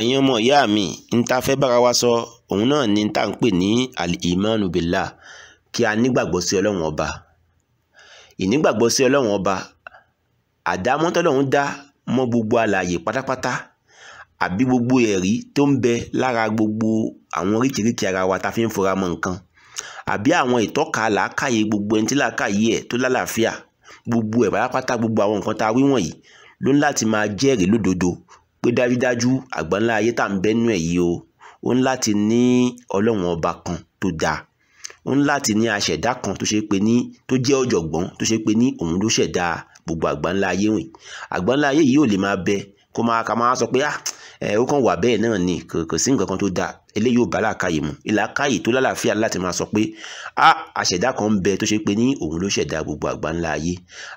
ẹ̀yin ọmọ ìyá mi n ta fẹ́ bára wa sọ òun náà ni n ta ń pè ní al-imanu billah kí a nígbàgbọ́ sí ọlọ́run ọba ìnígbàgbọ́ sí ọlọ́run ọba àdámọ́tọ́lọ́run dá mọ́ gbogbo alààyè pátápátá àbí gbogbo ẹ̀rí tó ń bẹ lára gbogbo àwọn oríkèéríkèé ara wa ta fi ń fura mọ́ nǹkan àbí àwọn ìtọ́ka làákàyè gbogbo ẹni tí làákàyè ẹ̀ tó lálàáfíà gbogbo ẹ̀ pátápátá gbogbo àwọn nǹkan tá wí wọ̀nyí ló ń láti máa jẹ́rìí lódodo pé dájúdájú àgbáńlá ayé tá à ń bẹ́nu ẹ̀ yìí o ó ń láti ní ọlọ́run ọba kan tó dáa ó ń láti ní aṣẹ̀dá kan tó ṣe pé ní tó jẹ́ ọ̀jọ̀gbọ́n tó ṣe pé ní òun ló ṣẹ̀dá gbogbo àgbáńlá ayé wìn àgbáńlá ayé yìí ò lè máa bẹ kó máa ka máa sọ pé ah ẹ ó kàn wà bẹ́ẹ̀ náà ni kò sí nǹkan kan tó dáa eléyìí ò bá làákàyè mu ìlàkàyè tó lálàáfíà láti máa sọ pé a àṣẹ̀dá kan ń bẹ tó ṣe pé ní òun ló ṣẹ̀dá gbogbo àgbáńlá ayé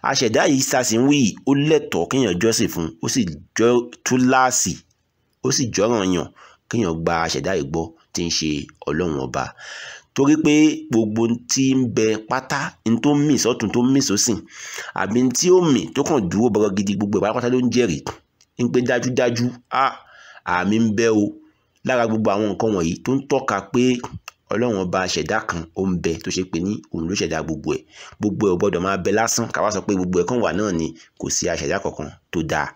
àṣẹ̀dá yìí sàṣìwì ó lẹ́tọ̀ọ́ kéèyàn jọ́sìn fún ó sì jọ túláàsì ó sì jọ́ràn yàn kéèyàn gba àṣẹ̀dá yìí gbọ́ tí ń ṣe ọlọ́run ọba torí pé gbogbo tí ń bẹ pátá ní tó mì sọ́tún tó mì sósìn àbí tí ó mì tó kàn dúró bọ́rọ̀ gidi gbogbo ìpátápátá ló ń jẹ́rìí ń pé dájúdájú a. Ah, àmì ń bẹ o lára gbogbo àwọn nǹkan wọ̀nyí tó ń tọ́ka pé ọlọ́run ọba ṣẹ̀dá kan ó ń bẹ tó ṣe pé ní òun ló ṣẹ̀dá gbogbo ẹ̀ gbogbo ẹ̀ ò gbọ́dọ̀ máa bẹ lásán káwá sọ pé gbogbo ẹ̀ kan wà náà ni kò sí aṣẹ̀dá kankan tó dáa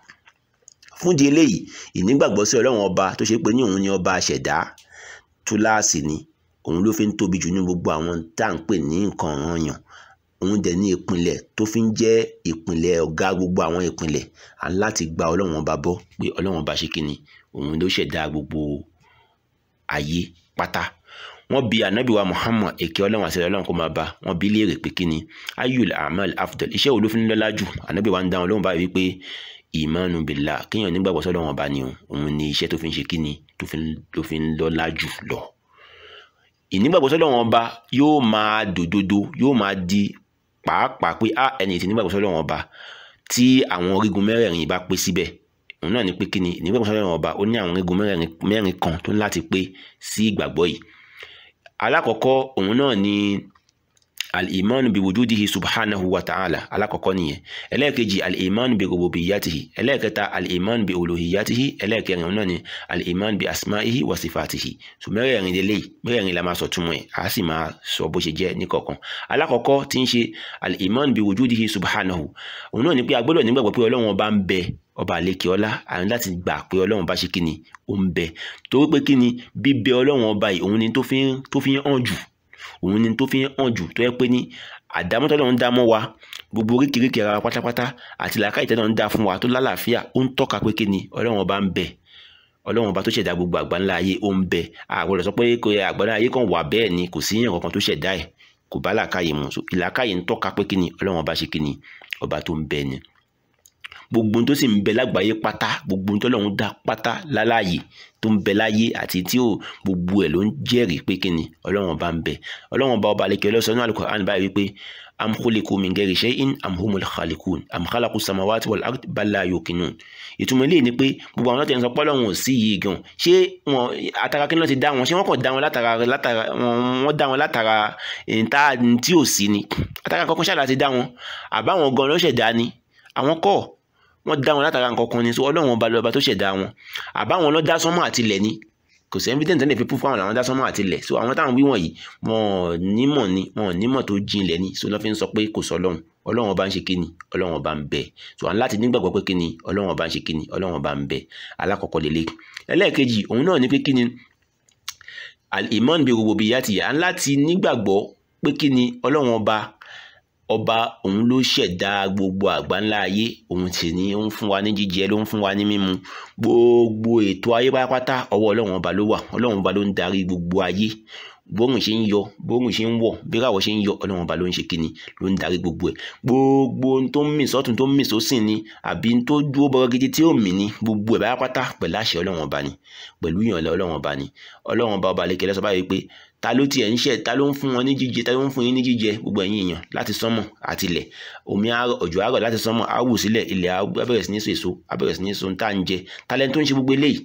fúndì eléyìí ìnígbàgbọ́ sí ọlọ́run ọba tó ṣe pé ní òun ni ọba aṣẹ̀dá túláàsì ni òun ló fi ń tóbi jù ní gbogbo àwọn tá à ń pè ní nǹkan ọ̀ràn yàn òun dẹ̀ ní ìpìlẹ̀ tó fi ń jẹ́ ìpìlẹ̀ ọ̀gá gbogbo àwọn ìpìlẹ̀ àti gba ọlọ́run ọba bọ́ pé ọlọ́run ọba ṣe kíni òun ló ṣẹ̀dá gbogbo ayé pátá wọ́n bi anabi wa muhammad èké ọlọ́run àti ọlọ́run kó máa bá wọ́n bi léèrè pé kí ni ayul amal afdal iṣẹ́ wo ló fi ń lọ́lá jù anabi wa ń dáhùn lóhùn báyìí wípé ìmánu bìlà kéèyàn nígbàgbọ́ sọ́dọ̀ wọn bá ní o òun ni iṣẹ́ tó fi ń ṣe kí ni tó fi ń lọ́lá jù lọ. ìnígbàgbọ́ sọ́dọ̀ wọn bá yóò máa dòdodo yóò máa di pàápàá pé ah, ẹni tí nígbàgbọ́ sọ́dọ̀ wọn bá tí àwọn orígun mẹ́rẹ̀ẹ̀rin bá pé síbẹ̀ òun náà ni pé kí ni nígbà tó fẹ́ràn ọba ó ní àwọn egun mẹ́rin kan tó láti pé sí ìgbàgbọ́ yìí alákọ̀ọ́kọ́ òun náà ni al-imanu bi wujudihi subhanahu wa ta'ala alakoko nìyẹn ẹlẹ́ẹ̀kejì al-imanu bi rububiyyatihi ẹlẹ́ẹ̀kẹta al-imanu bi uluhiyyatihi ẹlẹ́ẹ̀kẹrin òun al-imanu bi asma'ihi wa sifatihi so mẹ́rẹ̀ẹ̀rin lélẹ́yìí mẹ́rẹ̀ẹ̀rin la máa sọ túmọ̀ ẹ̀ a sì máa sọ bó ṣe jẹ́ ní kọ̀ọ̀kan alákọ̀ọ́kọ́ tí ń ṣe al-imanu bi wujudihi subhanahu òun náà ni pé a gbọ́dọ̀ ọba ń bẹ ọba àlekè ọlá àní láti gbà pé ọlọ́run bá ṣe kí ni ó ń bẹ torí pé kí ni bíbẹ ọlọ́run ọba yìí òun ni tó fi hàn jù òun ni tó fi hàn jù tó yẹ pé ní àdámọ́ tọ́lọ́run dá mọ́ wa gbogbo oríkèéríkèé ara pátápátá àti làákàyè tọ́lọ́run dá fún wa tó lálàáfíà ó ń tọ́ka pé kí ni ọlọ́run ọba ń bẹ ọlọ́run ọba tó ṣẹ̀dá gbogbo àgbáńlá ayé ó ń bẹ àgbọ̀dọ̀ sọ pé àgbáńlá ayé kan wà bẹ́ẹ̀ ni kò sí èèyàn kankan tó ṣẹ̀dá ẹ̀ kò bá làákàyè mu ìlàákàyè ń tọ́ka pé kí ni ọlọ́run ọba ṣe kí ni ọba tó ń bẹ ni gbogbo tó sì ń bẹ lágbàáyé pátá gbogbo tó lọ́hún dá pátá láláàyè tó ń bẹ láyé àti tí ò gbogbo ẹ̀ ló ń jẹ́rìí pé kíni ọlọ́run ọba ń bẹ ọlọ́run ọba ọba àlekè ọlọ́sọ̀nù al-Qur'an báyìí wípé am khuliqu min ghairi shay'in am humul khaliqun am khalaqu samawati wal ard bal la yuqinun ìtumọ̀ eléyìí ni pé gbogbo àwọn tẹ̀sán pọ́lọ́ wọn ò sí yìí gan ṣé wọn atara kí ló ti dá wọn ṣé wọn kàn dá wọn látara látara wọn dá wọn látara níta tí ò sí ni atara kọ́kọ́ ṣáà láti dá wọn àbáwọn gan ló ṣẹ̀dá ni àwọn kọ́ wọ́n dá wọn látara nǹkan kan ni so ọlọ́run ọba lọ́ba tó ṣẹ̀dá wọn àbáwọn ló dá sánmọ̀ àti ilẹ̀ ni kò sí evidence tẹ́lẹ̀ fi pú fáwọn làwọn dá sánmọ̀ àti ilẹ̀ so àwọn táwọn wí wọ̀nyí wọn ò nímọ̀ ni wọn ò nímọ̀ tó jinlẹ̀ ni so lọ́ fi ń sọ pé kò sọ ọlọ́run ọlọ́run ọba ń ṣe kíni ọlọ́run ọba ń bẹ so àwọn láti nígbàgbọ́ pé kíni ọlọ́run ọba ń ṣe kíni ọlọ́run ọba ń bẹ alákọ̀ọ́kọ́ lélẹ̀ ẹlẹ́ẹ̀kejì òun náà ni pé kíni al-iman bi rububiyyati à ń láti nígbàgbọ́ pé kíni ọlọ́run ọba ọba òun ló ṣẹ̀dá gbogbo àgbáńlá ayé òun sì ni ó ń fún wa ní jíjẹ ló ń fún wa ní mímu gbogbo ètò ayé pátápátá ọwọ́ ọlọ́run ọba ló wà ọlọ́run ọba ló ń darí gbogbo ayé bóòrùn ṣe ń yọ bóòrùn ṣe ń wọ̀ bíràwọ̀ ṣe ń yọ ọlọ́run ọba ló ń ṣe kíni ló ń darí gbogbo ẹ̀ gbogbo ohun tó ń mì sọ́tún tó ń mì sósìn ni àbí tó dúró bọ́rọ́ gidi tí ó mì ni gbogbo ẹ̀ pátápátá pẹ̀lú àṣẹ ọlọ́run ọba ni pẹ̀lú ìyànlẹ̀ ọlọ́run ọba ni ọlọ́run ọba ọba lẹ́kẹ̀ẹ́ lọ́sọ̀ báyìí pé ta ló tiẹ̀ ń ṣe ta ló ń fún wọn ní jíjẹ ta ló ń fún yín ní jíjẹ gbogbo ẹ̀yin èèyàn láti sánmọ̀ àti ilẹ̀ omi òjò àárọ̀ láti sánmọ̀ á sílẹ̀ ilẹ̀ á sí ní so èso á sí ní so tá ń jẹ talent tó ń ṣe gbogbo eléyìí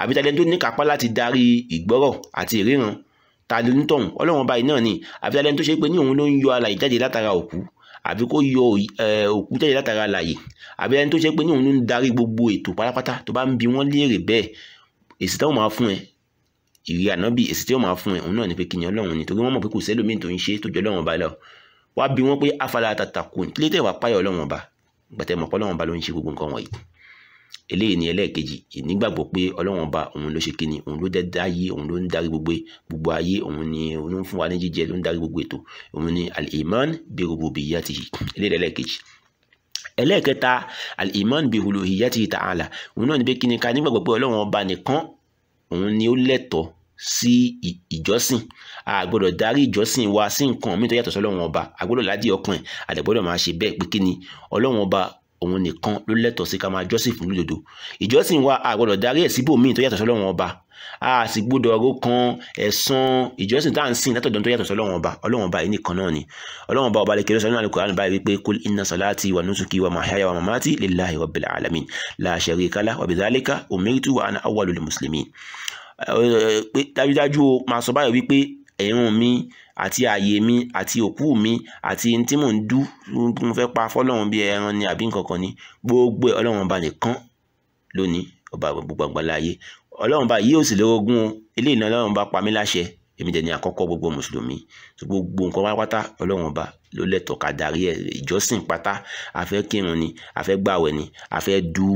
àbí talent tó ní kápá láti darí ìgbọ́rọ̀ àti ìríran ta ló ń tọ̀hún ọlọ́run báyìí náà ni àbí talent tó ṣe pé ní òun ló ń yọ alàyè jáde látara òkú àbí kó yọ òkú jáde látara alàyè àbí talent tó ṣe pé ní òun ló ń darí gbogbo ètò pátápátá tó bá ń bi wọ́n léèrè bẹ́ẹ̀ èsì táwọn máa fún ẹ ìrì ànábì èsì tí ó máa fún ẹ òun náà ni pé kìnìún ọlọ́run ni torí wọ́n mọ̀ pé kò sẹ́lòmíì tó ń ṣe tó jọ ọlọ́run ọba lọ wá bí wọ́n pé afala tatakun kílé tẹ̀ wá páyọ̀ ọlọ́run ọba gbàtẹ́ mọ̀ pé ọlọ́run ọba ló ń ṣe gbogbo nǹkan wọ̀nyí eléyìí ni ẹlẹ́ẹ̀kejì ìnígbàgbọ́ pé ọlọ́run ọba òun ló ṣe kíni òun ló dẹ́dá ayé òun ló ń darí gbogbo gbogbo ayé òun ni òun ló ń fún wa ní jíjẹ ló ń darí gbogbo ètò òun ni al-iman bi rububiyyatihi eléyìí ẹlẹ́ẹ̀kejì ẹlẹ́ẹ̀kẹta al-iman bi uluhiyyatihi ta'ala òun náà ni pé kíni ká nígbàgbọ́ pé ọlọ́run ọba nìkan òun ni ó lẹ́tọ̀ọ́ sí ìjọsìn a gbọ́dọ̀ darí ìjọsìn wa sí nǹkan míì tó yàtọ̀ sí ọlọ́run ọba a gbọ́dọ̀ ládìí ọkàn ẹ̀ a dẹ̀ gbọ́dọ̀ máa ṣe bẹ́ẹ̀ pé kí ni ọlọ́run ọba òun nìkan ló lẹ́tọ̀ọ́ sí ká máa jọ́sìn fún lódodo ìjọsìn wa a gbọ́dọ̀ darí ẹ̀ síbò míì tó yàtọ̀ sí ọlọ́run ọba a sì gbọ́dọ̀ ọ̀rọ̀ kan ẹ̀san ìjọsìn tá à ń sìn látọ̀dọ̀ tó yàtọ̀ sí ọlọ́run ọba ọlọ́run ọba yìí nìkan náà ni ọlọ́run ọba ọba lè kéré sọ́nà àlùkò àlùbáyé wípé kul inna salati wa nusuki wa mahaya wa mamati lillahi rabbil alamin la sharika lah wa bidhalika umirtu wa ana awwalul muslimin pé dájúdájú o máa sọ báyọ̀ wípé ẹ̀rùn mi àti ààyè mi àti òkú mi àti tí mò ń dú tí mo fẹ́ pa fọ́lọ́run bíi ẹran ni àbí nǹkan kan ni gbogbo ẹ̀ ọlọ́run ọba nìkan lónìí ọba gbogbo àgbàlá ayé ọlọ́run ọba yìí ò sì lórogún o eléyìí ni ọlọ́run ọba pa mí láṣẹ èmi dẹ̀ ni àkọ́kọ́ gbogbo mùsùlùmí gbogbo nǹkan pátá ọlọ́run ọba ló lẹ́tọ̀ọ́ ká darí ẹ̀ ìjọsìn pátá a fẹ́ kírun ni a fẹ́ gbàwẹ̀ ni a fẹ́ dú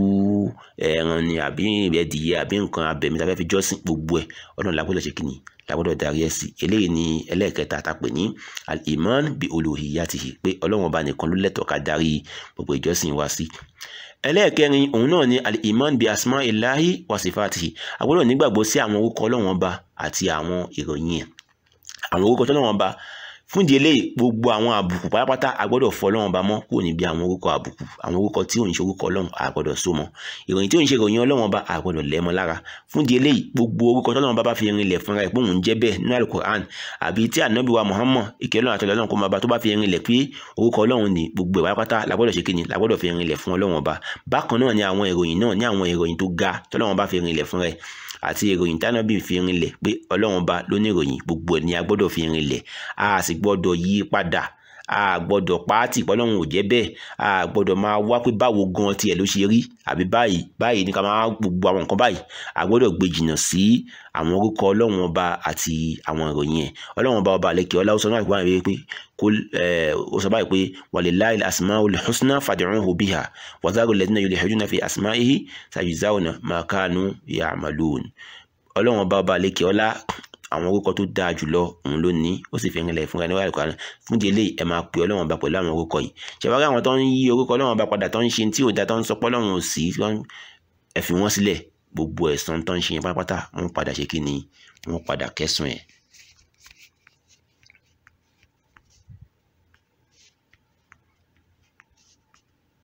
ẹran ni àbí ẹdìyẹ àbí nǹkan abẹ̀mí tá a fi jọ́sìn gbogbo ẹ̀ ọlọ́run la gbọ́dọ̀ ṣe kí ni tàgbọ́dọ̀ darí ẹ̀ sí eléyìí ni ẹlẹ́ẹ̀kẹta àtàpè ní al-iman bi uluhiyatihi pé ọlọ́run ọba nìkan ló lẹ́tọ̀ọ́ ká darí gbogbo ìjọsìn wa sí ẹlẹ́ẹ̀kẹrin òun náà ni al-iman bi asma ilahi wa sifatihi àgbọ́dọ̀ nígbàgbọ́ sí àwọn orúkọ ọlọ́run ọba àti àwọn ìròyìn ẹ̀ àwọn orúkọ ọlọ́run ọba fún ìdí eléyìí gbogbo àwọn àbùkù pátápátá a gbọ́dọ̀ fọ Ọlọ́run bá mọ́ kúrò níbi àwọn orúkọ àbùkù àwọn orúkọ tí ò ń ṣe orúkọ Ọlọ́run a gbọ́dọ̀ so mọ́ ìròyìn tí ò ń ṣe ìròyìn Ọlọ́run bá a gbọ́dọ̀ lẹ̀ mọ́ lára fún ìdí eléyìí gbogbo orúkọ tọ́lọ́run bá bá fi rinlẹ̀ fúnra ẹ̀ pé òun jẹ́ bẹ́ẹ̀ nínú alukoran àbí tí ànábì wa Muhammad ìkẹ́ Ọlọ́run la gbọ́dọ̀ ṣe kíni la gbọ́dọ̀ fi rinlẹ̀ fún Ọlọ́run ọba bákan náà ni àwọn àti ìròyìn tánàbì fi rinlẹ̀ pé ọlọ́run ba ló ní gbogbo ẹ̀ ni a gbọ́dọ̀ fi rinlẹ̀ a sì gbọ́dọ̀ yí padà a gbọ́dọ̀ pàátì pọ́lọ́run ò jẹ́ bẹ́ẹ̀ a gbọ́dọ̀ máa wá pé báwo gan tiẹ̀ ló ṣe rí àbí báyìí báyìí ní ká máa gbogbo àwọn nǹkan báyìí a gbọ́dọ̀ gbé jìnnà sí àwọn orúkọ ọlọ́run ọba àti àwọn ìròyìn ẹ̀ ọlọ́run ọba ọba àlekè ọlá ọsàn náà ìpínlẹ̀ rẹ̀ pé kó ó sọ báyìí pé walillahi al-asmaul husna fad'uhu biha wa dharu alladhina yulhiduna ọlọ́run ọba ọba àlekè ọlá àwọn orúkọ tó dáa jùlọ òun ló ní ó sì fi rinlẹ̀ fúnra níwájú kan fún délé ẹ máa pè ọlọ́run ọba pẹ̀lú àwọn orúkọ yìí ṣẹ̀wárí àwọn tó ń yí orúkọ ọlọ́run ọba padà tó ń ṣe tí ò da tó ń sọpọ́ ọlọ́run ò sí ẹ fi wọ́n sílẹ̀ gbogbo ẹ̀san tó ń ṣe yẹn pátápátá wọ́n padà ṣe kí ni wọ́n padà kẹ́sùn ẹ̀